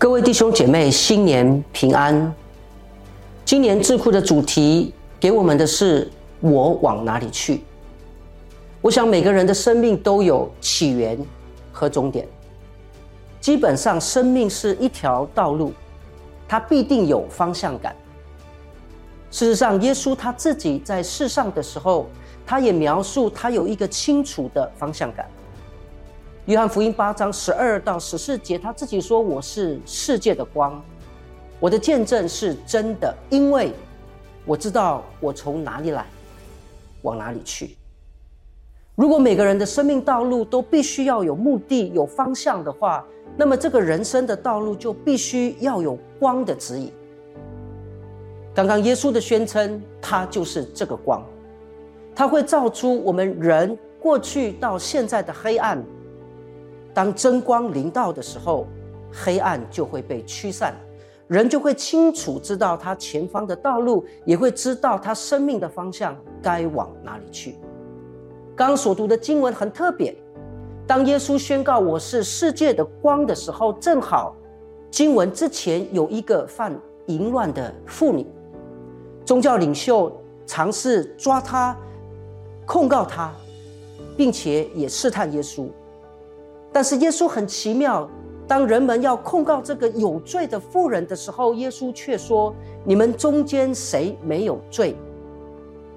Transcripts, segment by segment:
各位弟兄姐妹，新年平安。今年智庫的主題給我們的是“我往哪裡去”。我想每個人的生命都有起源和終點，基本上生命是一條道路，它必定有方向感。事實上，耶穌他自己在世上的時候，他也描述他有一個清楚的方向感。約翰福音八章十二到十四節，他自己說：“我是世界的光，我的見證是真的，因為我知道我從哪裡來，往哪裡去。如果每個人的生命道路都必須要有目的、有方向的話，那麼這個人生的道路就必須要有光的指引。剛剛耶穌的宣稱，他就是這個光，他會照出我們人過去到現在的黑暗。”當真光臨到的時候，黑暗就會被驅散，人就會清楚知道他前方的道路，也會知道他生命的方向該往哪裡去。剛所讀的經文很特別，當耶穌宣告“我是世界的光”的時候，正好經文之前有一個犯淫亂的婦女，宗教領袖嘗試抓她、控告她，並且也試探耶穌。但是耶穌很奇妙，當人們要控告這個有罪的婦人的時候，耶穌却說：“你們中間誰沒有罪，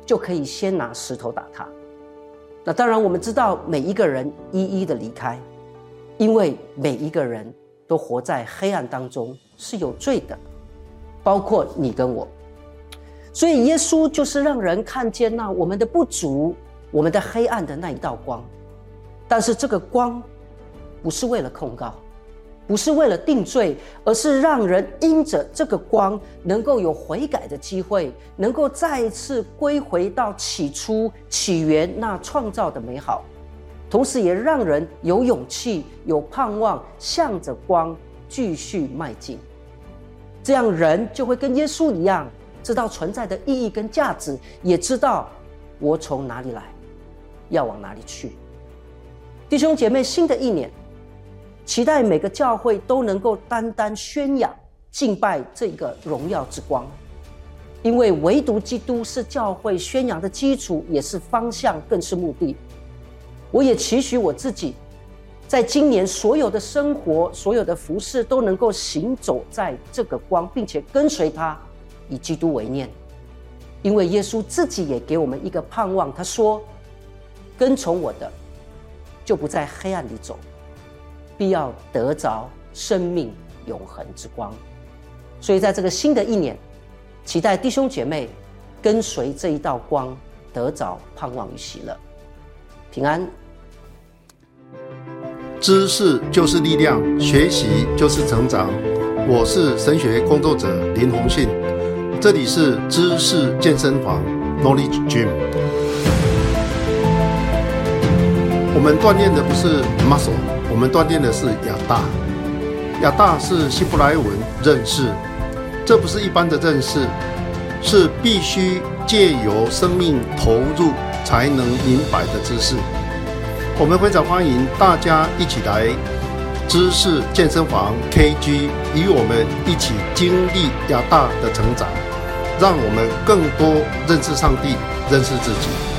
就可以先拿石頭打他。”那當然，我們知道每一個人一一的離開，因為每一個人都活在黑暗當中是有罪的，包括你跟我。所以耶穌就是讓人看見那我們的不足、我們的黑暗的那一道光，但是這個光。不是為了控告，不是為了定罪，而是讓人因着這個光，能夠有悔改的機會，能夠再一次歸回到起初起源那創造的美好，同時也讓人有勇氣、有盼望，向着光繼續邁進。這樣，人就會跟耶穌一樣，知道存在的意義跟價值，也知道我從哪裡來，要往哪裡去。弟兄姐妹，新的一年。期待每個教會都能夠單單宣揚敬拜這個榮耀之光，因為唯獨基督是教會宣揚的基礎，也是方向，更是目的。我也期許我自己，在今年所有的生活、所有的服事都能夠行走在這個光，並且跟隨他，以基督為念。因為耶穌自己也給我們一個盼望，他說：“跟從我的，就不在黑暗裡走。”必要得着生命永恆之光，所以在這個新的一年，期待弟兄姐妹跟隨這一道光，得着盼望與喜樂、平安。知識就是力量，學習就是成長。我是神學工作者林鴻信，這裡是知識健身房 （Knowledge Gym）。我們鍛鍊的不是 muscle。我們鍛鍊的是雅大，雅大是希伯來文認識，這不是一般的認識，是必須借由生命投入才能明白的知識。我們非常歡迎大家一起來知識健身房 KG，與我們一起經歷雅大的成長，讓我們更多認識上帝，認識自己。